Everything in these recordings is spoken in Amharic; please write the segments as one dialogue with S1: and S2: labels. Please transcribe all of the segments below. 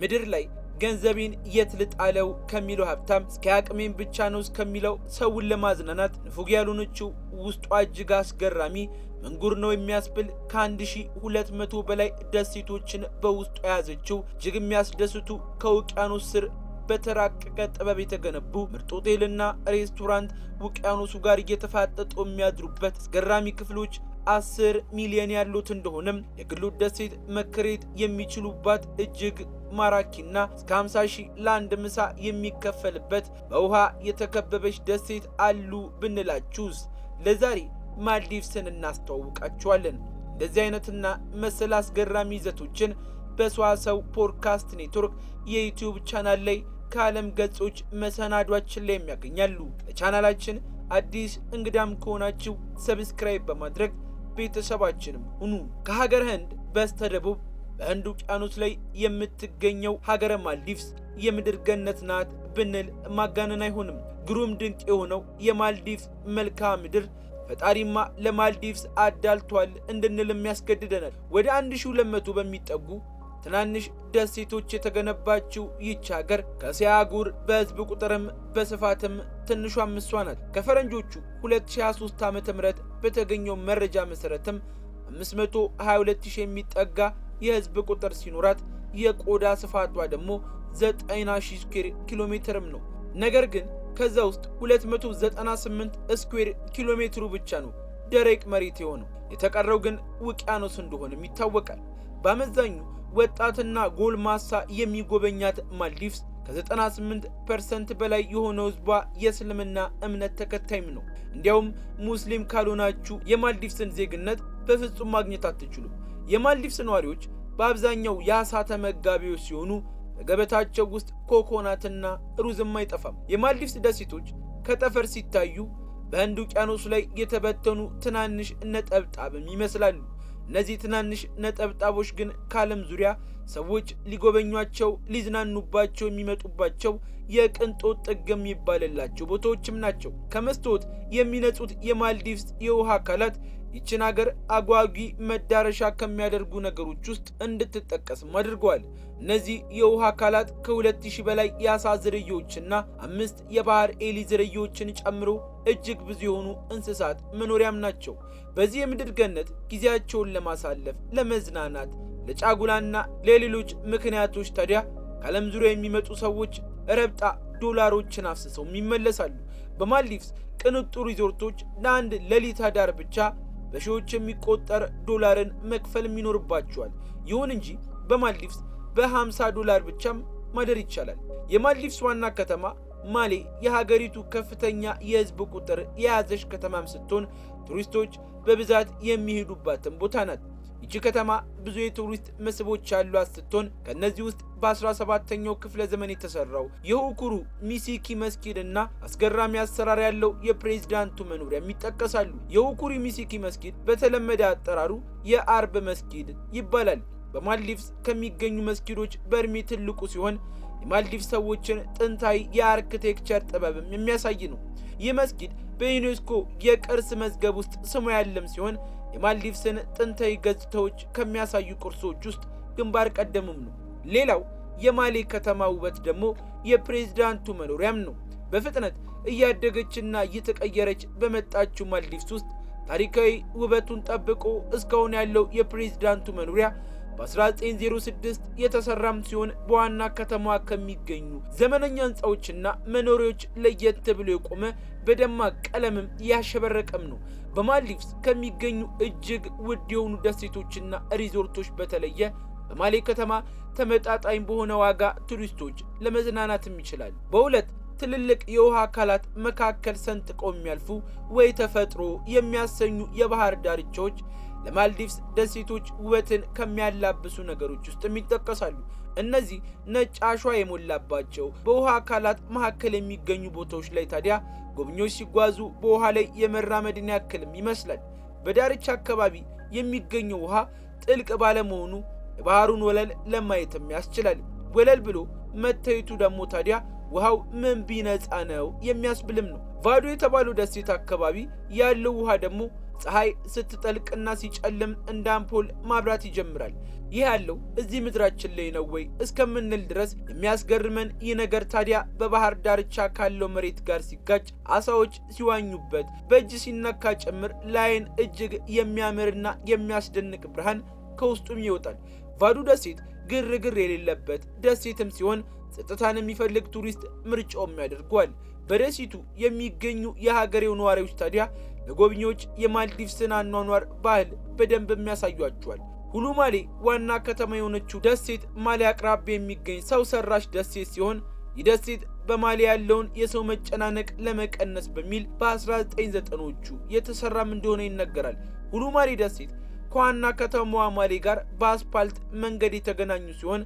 S1: ምድር ላይ ገንዘቤን የት ልጣለው ከሚለው ሀብታም እስከ አቅሜን ብቻ ነው እስከሚለው ሰውን ለማዝናናት ንፉግ ያልሆነችው ውስጧ እጅግ አስገራሚ መንጉር ነው የሚያስብል ከ1200 በላይ ደሴቶችን በውስጡ የያዘችው እጅግ የሚያስደስቱ ከውቅያኖስ ስር በተራቀቀ ጥበብ የተገነቡ ምርጥ ሆቴልና ሬስቶራንት ውቅያኖሱ ጋር እየተፋጠጡ የሚያድሩበት አስገራሚ ክፍሎች አስር ሚሊዮን ያሉት እንደሆነም የግሉ ደሴት መከሬት የሚችሉባት እጅግ ማራኪና እስከ 50 ሺህ ለአንድ ምሳ የሚከፈልበት በውሃ የተከበበች ደሴት አሉ ብንላችሁስ? ለዛሬ ማልዲቭስን እናስተዋውቃችኋለን። እንደዚህ አይነትና መሰል አስገራሚ ይዘቶችን በሰዋሰው ፖድካስት ኔትወርክ የዩቲዩብ ቻናል ላይ ከዓለም ገጾች መሰናዷችን ላይ የሚያገኛሉ። ለቻናላችን አዲስ እንግዳም ከሆናችሁ ሰብስክራይብ በማድረግ ቤተሰባችንም ሁኑ። ከሀገር ህንድ በስተደቡብ በህንድ ውቅያኖስ ላይ የምትገኘው ሀገረ ማልዲቭስ የምድር ገነት ናት ብንል ማጋነን አይሆንም። ግሩም ድንቅ የሆነው የማልዲቭስ መልክዓ ምድር ፈጣሪማ ለማልዲቭስ አዳልቷል እንድንልም ያስገድደናል። ወደ 1200 በሚጠጉ ትናንሽ ደሴቶች የተገነባችው ይች ሀገር ከሲያጉር በህዝብ ቁጥርም በስፋትም ትንሿ አምስቷ ናት። ከፈረንጆቹ 2023 ዓ ም በተገኘው መረጃ መሠረትም 522,000 የሚጠጋ የህዝብ ቁጥር ሲኖራት የቆዳ ስፋቷ ደግሞ 90,000 ስኩዌር ኪሎ ሜትርም ነው። ነገር ግን ከዛ ውስጥ 298 ስኩዌር ኪሎ ሜትሩ ብቻ ነው ደረቅ መሬት የሆነው፣ የተቀረው ግን ውቅያኖስ እንደሆነም ይታወቃል። በአመዛኙ ወጣትና ጎልማሳ የሚጎበኛት ማልዲቭስ ከ98 ፐርሰንት በላይ የሆነው ህዝቧ የእስልምና እምነት ተከታይም ነው። እንዲያውም ሙስሊም ካልሆናችሁ የማልዲቭስን ዜግነት በፍጹም ማግኘት አትችሉም። የማልዲቭስ ነዋሪዎች በአብዛኛው የአሳ ተመጋቢዎች ሲሆኑ በገበታቸው ውስጥ ኮኮናትና ሩዝም አይጠፋም። የማልዲቭስ ደሴቶች ከጠፈር ሲታዩ በህንድ ውቅያኖስ ላይ የተበተኑ ትናንሽ ነጠብጣብም ይመስላሉ። እነዚህ ትናንሽ ነጠብጣቦች ግን ከዓለም ዙሪያ ሰዎች ሊጎበኟቸው ሊዝናኑባቸው የሚመጡባቸው የቅንጦት ጥግ የሚባልላቸው ቦታዎችም ናቸው። ከመስታወት የሚነጹት የማልዲቭስ የውሃ አካላት ይችን ሀገር አጓጊ መዳረሻ ከሚያደርጉ ነገሮች ውስጥ እንድትጠቀስም አድርገዋል። እነዚህ የውሃ አካላት ከ2000 በላይ የአሳ ዝርያዎችና አምስት የባህር ኤሊ ዝርያዎችን ጨምሮ እጅግ ብዙ የሆኑ እንስሳት መኖሪያም ናቸው። በዚህ የምድር ገነት ጊዜያቸውን ለማሳለፍ፣ ለመዝናናት፣ ለጫጉላና ለሌሎች ምክንያቶች ታዲያ ከዓለም ዙሪያ የሚመጡ ሰዎች ረብጣ ዶላሮችን አፍስሰውም ይመለሳሉ። በማልዲቭስ ቅንጡ ሪዞርቶች ለአንድ ሌሊት አዳር ብቻ በሺዎች የሚቆጠር ዶላርን መክፈል ይኖርባቸዋል። ይሁን እንጂ በማልዲቭስ በ50 ዶላር ብቻም ማደር ይቻላል። የማልዲቭስ ዋና ከተማ ማሌ የሀገሪቱ ከፍተኛ የህዝብ ቁጥር የያዘች ከተማም ስትሆን ቱሪስቶች በብዛት የሚሄዱባትን ቦታ ናት። ይቺ ከተማ ብዙ የቱሪስት መስህቦች ያሏት ስትሆን ከእነዚህ ውስጥ በ17ኛው ክፍለ ዘመን የተሰራው የኡኩሩ ሚሲኪ መስጊድ እና አስገራሚ አሰራር ያለው የፕሬዝዳንቱ መኖሪያም ይጠቀሳሉ። የኡኩሪ ሚሲኪ መስጊድ በተለመደ አጠራሩ የአርብ መስጊድ ይባላል። በማልዲቭስ ከሚገኙ መስጊዶች በእድሜ ትልቁ ሲሆን የማልዲቭስ ሰዎችን ጥንታዊ የአርክቴክቸር ጥበብም የሚያሳይ ነው። ይህ መስጊድ በዩኔስኮ የቅርስ መዝገብ ውስጥ ስሙ ያለም ሲሆን የማልዲቭስን ጥንታዊ ገጽታዎች ከሚያሳዩ ቅርሶች ውስጥ ግንባር ቀደምም ነው። ሌላው የማሌ ከተማ ውበት ደግሞ የፕሬዝዳንቱ መኖሪያም ነው። በፍጥነት እያደገችና እየተቀየረች በመጣችው ማልዲቭስ ውስጥ ታሪካዊ ውበቱን ጠብቆ እስካሁን ያለው የፕሬዝዳንቱ መኖሪያ በ1906 የተሰራም ሲሆን በዋና ከተማዋ ከሚገኙ ዘመነኛ ህንፃዎችና መኖሪያዎች ለየት ብሎ የቆመ በደማቅ ቀለምም ያሸበረቀም ነው። በማልዲቭስ ከሚገኙ እጅግ ውድ የሆኑ ደሴቶችና ሪዞርቶች በተለየ በማሌ ከተማ ተመጣጣኝ በሆነ ዋጋ ቱሪስቶች ለመዝናናትም ይችላል። በሁለት ትልልቅ የውሃ አካላት መካከል ሰንጥቀው የሚያልፉ ወይ ተፈጥሮ የሚያሰኙ የባህር ዳርቻዎች ለማልዲቭስ ደሴቶች ውበትን ከሚያላብሱ ነገሮች ውስጥም ይጠቀሳሉ። እነዚህ ነጭ አሸዋ የሞላባቸው በውሃ አካላት መካከል የሚገኙ ቦታዎች ላይ ታዲያ ጎብኚዎች ሲጓዙ በውሃ ላይ የመራመድን ያክልም ይመስላል። በዳርቻ አካባቢ የሚገኘው ውሃ ጥልቅ ባለመሆኑ የባህሩን ወለል ለማየትም ያስችላል። ወለል ብሎ መታየቱ ደግሞ ታዲያ ውሃው ምን ቢነጻ ነው የሚያስብልም ነው። ቫዶ የተባለው ደሴት አካባቢ ያለው ውሃ ደግሞ ፀሐይ ስትጠልቅና ሲጨልም እንደ አምፖል ማብራት ይጀምራል። ይህ ያለው እዚህ ምድራችን ላይ ነው ወይ እስከምንል ድረስ የሚያስገርመን ይህ ነገር ታዲያ በባህር ዳርቻ ካለው መሬት ጋር ሲጋጭ፣ አሳዎች ሲዋኙበት፣ በእጅ ሲነካ ጭምር ለአይን እጅግ የሚያምርና የሚያስደንቅ ብርሃን ከውስጡም ይወጣል። ቫዱ ደሴት ግርግር የሌለበት ደሴትም ሲሆን ጸጥታን የሚፈልግ ቱሪስት ምርጫውም ያደርገዋል። በደሴቱ የሚገኙ የሀገሬው ነዋሪዎች ታዲያ ለጎብኚዎች የማልዲቭስን አኗኗር ባህል በደንብ የሚያሳዩአቸዋል። ሁሉ ማሌ ዋና ከተማ የሆነችው ደሴት ማሌ አቅራቢያ የሚገኝ ሰው ሰራሽ ደሴት ሲሆን ይህ ደሴት በማሌ ያለውን የሰው መጨናነቅ ለመቀነስ በሚል በ1990ዎቹ የተሰራም እንደሆነ ይነገራል። ሁሉ ማሌ ደሴት ከዋና ከተማዋ ማሌ ጋር በአስፓልት መንገድ የተገናኙ ሲሆን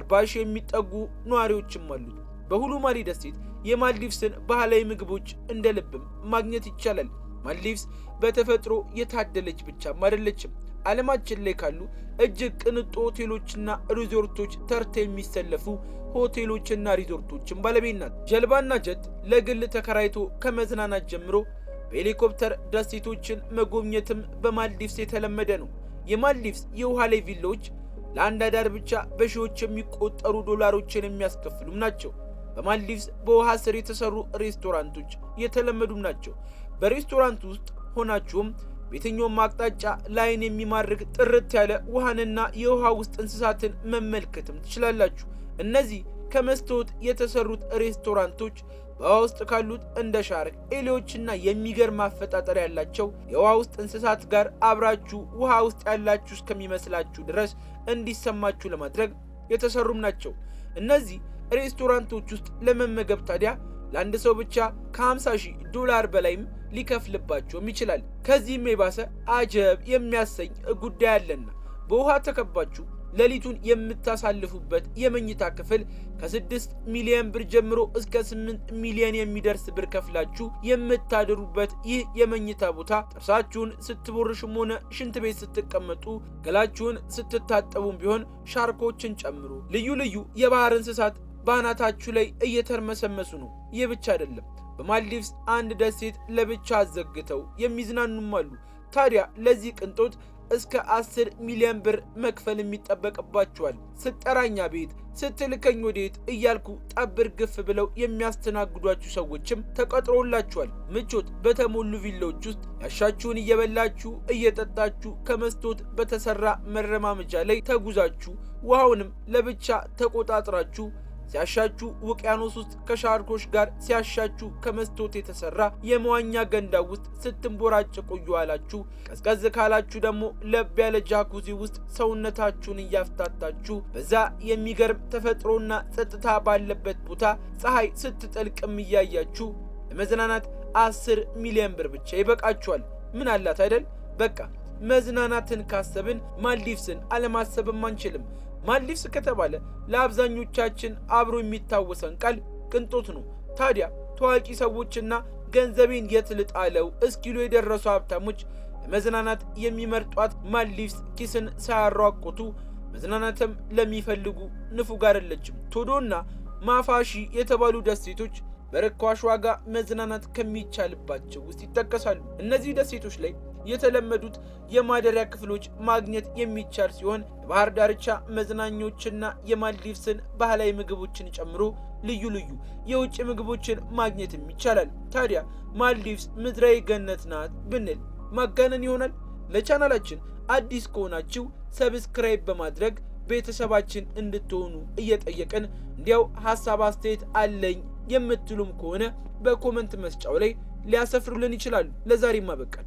S1: 40 ሺህ የሚጠጉ ነዋሪዎችም አሉት። በሁሉ ማሌ ደሴት የማልዲቭስን ባህላዊ ምግቦች እንደ ልብም ማግኘት ይቻላል። ማልዲቭስ በተፈጥሮ የታደለች ብቻም አይደለችም። ዓለማችን ላይ ካሉ እጅግ ቅንጡ ሆቴሎችና ሪዞርቶች ተርተ የሚሰለፉ ሆቴሎችና ሪዞርቶችን ባለቤት ናት። ጀልባና ጀት ለግል ተከራይቶ ከመዝናናት ጀምሮ በሄሊኮፕተር ደሴቶችን መጎብኘትም በማልዲቭስ የተለመደ ነው። የማልዲቭስ የውሃ ላይ ቪላዎች ለአንድ አዳር ብቻ በሺዎች የሚቆጠሩ ዶላሮችን የሚያስከፍሉም ናቸው። በማልዲቭስ በውሃ ስር የተሰሩ ሬስቶራንቶች የተለመዱም ናቸው። በሬስቶራንት ውስጥ ሆናችሁም በየትኛውም አቅጣጫ ላይን የሚማርክ ጥርት ያለ ውሃንና የውሃ ውስጥ እንስሳትን መመልከትም ትችላላችሁ። እነዚህ ከመስታወት የተሰሩት ሬስቶራንቶች በውሃ ውስጥ ካሉት እንደ ሻርክ፣ ኤሌዎችና የሚገርም አፈጣጠር ያላቸው የውሃ ውስጥ እንስሳት ጋር አብራችሁ ውሃ ውስጥ ያላችሁ እስከሚመስላችሁ ድረስ እንዲሰማችሁ ለማድረግ የተሰሩም ናቸው። እነዚህ ሬስቶራንቶች ውስጥ ለመመገብ ታዲያ ለአንድ ሰው ብቻ ከ50 ሺህ ዶላር በላይም ሊከፍልባቸውም ይችላል። ከዚህም የባሰ አጀብ የሚያሰኝ ጉዳይ አለና በውሃ ተከባችሁ ሌሊቱን የምታሳልፉበት የመኝታ ክፍል ከስድስት ሚሊዮን ብር ጀምሮ እስከ ስምንት ሚሊዮን የሚደርስ ብር ከፍላችሁ የምታድሩበት ይህ የመኝታ ቦታ ጥርሳችሁን ስትቦርሽም ሆነ ሽንት ቤት ስትቀመጡ፣ ገላችሁን ስትታጠቡም ቢሆን ሻርኮችን ጨምሮ ልዩ ልዩ የባህር እንስሳት በአናታችሁ ላይ እየተርመሰመሱ ነው። ይህ ብቻ አይደለም። በማልዲቭስ አንድ ደሴት ለብቻ አዘግተው የሚዝናኑም አሉ። ታዲያ ለዚህ ቅንጦት እስከ 10 ሚሊዮን ብር መክፈል የሚጠበቅባቸዋል። ስጠራኛ ቤት ስትልከኝ ወዴት እያልኩ ጠብር ግፍ ብለው የሚያስተናግዷችሁ ሰዎችም ተቀጥሮላችኋል። ምቾት በተሞሉ ቪላዎች ውስጥ ያሻችሁን እየበላችሁ እየጠጣችሁ ከመስቶት በተሰራ መረማመጃ ላይ ተጉዛችሁ ውሃውንም ለብቻ ተቆጣጥራችሁ ሲያሻችሁ ውቅያኖስ ውስጥ ከሻርኮች ጋር ሲያሻችሁ ከመስቶት የተሰራ የመዋኛ ገንዳ ውስጥ ስትንቦራጭቁ አላችሁ። ቀዝቀዝ ካላችሁ ደግሞ ለብ ያለ ጃኩዚ ውስጥ ሰውነታችሁን እያፍታታችሁ በዛ የሚገርም ተፈጥሮና ጸጥታ ባለበት ቦታ ፀሐይ ስትጠልቅም እያያችሁ ለመዝናናት አስር ሚሊዮን ብር ብቻ ይበቃችኋል። ምን አላት አይደል? በቃ መዝናናትን ካሰብን ማልዲቭስን አለማሰብም አንችልም። ማልዲቭስ ከተባለ ለአብዛኞቻችን አብሮ የሚታወሰን ቃል ቅንጦት ነው። ታዲያ ታዋቂ ሰዎችና ገንዘቤን የት ልጣለው እስኪሉ የደረሱ ሀብታሞች ለመዝናናት የሚመርጧት ማሊፍስ ኪስን ሳያሯቁቱ መዝናናትም ለሚፈልጉ ንፉግ አይደለችም። ቶዶና ማፋሺ የተባሉ ደሴቶች በርካሽ ዋጋ መዝናናት ከሚቻልባቸው ውስጥ ይጠቀሳሉ። እነዚህ ደሴቶች ላይ የተለመዱት የማደሪያ ክፍሎች ማግኘት የሚቻል ሲሆን የባህር ዳርቻ መዝናኞችና የማልዲቭስን ባህላዊ ምግቦችን ጨምሮ ልዩ ልዩ የውጭ ምግቦችን ማግኘትም ይቻላል። ታዲያ ማልዲቭስ ምድራዊ ገነት ናት ብንል ማጋነን ይሆናል? ለቻናላችን አዲስ ከሆናችሁ ሰብስክራይብ በማድረግ ቤተሰባችን እንድትሆኑ እየጠየቅን እንዲያው ሀሳብ አስተያየት አለኝ የምትሉም ከሆነ በኮመንት መስጫው ላይ ሊያሰፍሩልን ይችላሉ። ለዛሬ ማበቃል።